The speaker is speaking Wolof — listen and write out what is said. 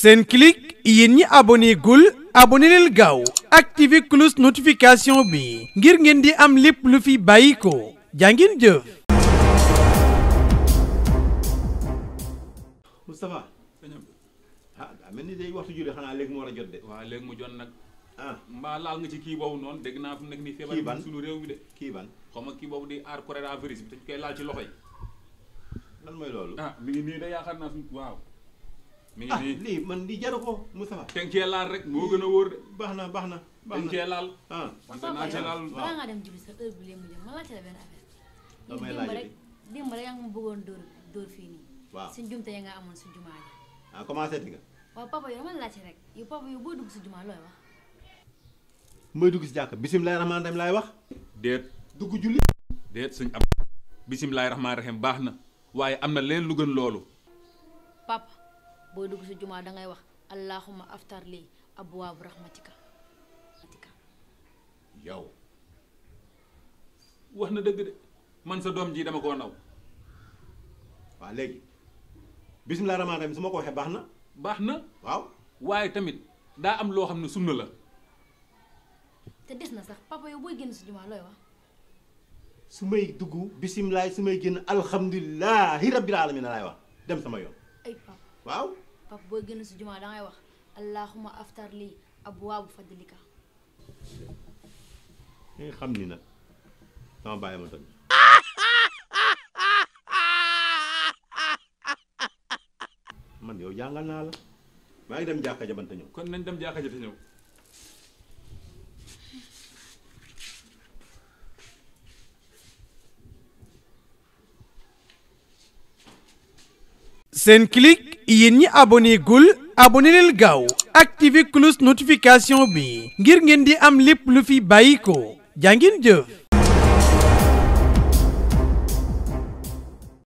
Senclic yéen ñi abonné gul abonné leen gaaw activé cloche notification bi ngir ngeen di am lépp lu fi bàyyi ko jàngin jëf. Moustapha. Ah, ni day waxtu julli xanaa léegi mu a jot de. waaw nag. ah mbaa laal ci kii boobu noonu dégg naa fi mu nekk nii. feebar bi suñu réew mi de. kii ban xaw mi ngi ah, nii man lii jaru ko Moustapha. teg cee laal rek moo gën a wóor de. baax na baax na baax na teg cee laal. ah wante naa cee laal waaw nga ma laajte la ma bëggoon dóor fii waaw suñ jumte ya amoon su jumaa ah, commencé di nga. waaw papa yow dama bisimilah rahmaani rahim laay wax. dugg julli. déet suñ am. bisimilah rahmaani baax na waaye am na leen lu gën loolu. boo dugg si jumaa dangay wax allahuma aftar lii abwaabu rahmatika yow wax na dëgg de man sa doom ji dama koo naw waaw léegi bismillah rahmaan rahim su ma ko waxee baax na baax na waaw waaye tamit daa am loo xam ne sunna la te des na sax papa yow booy génn si jumaa looy wax su may dugg bisimilah su may génn alhamdulilahi rabbil alamin laay wax dem sama yoon waaw papa boo génn si jumaa dangay wax allahuma aftar lii ab waabu fadlika xam ni nag sama bàyyi ma toj man yow jàngal naa la maa ngi dem jàkka ja banta ñëw kon nañ dem jàkka ja te ñëw yéen ñi abonné gul abonné gaaw activé cloche notification bi ngir ngeen di am lépp lu fi bàyyi ko jaa ngeen jëf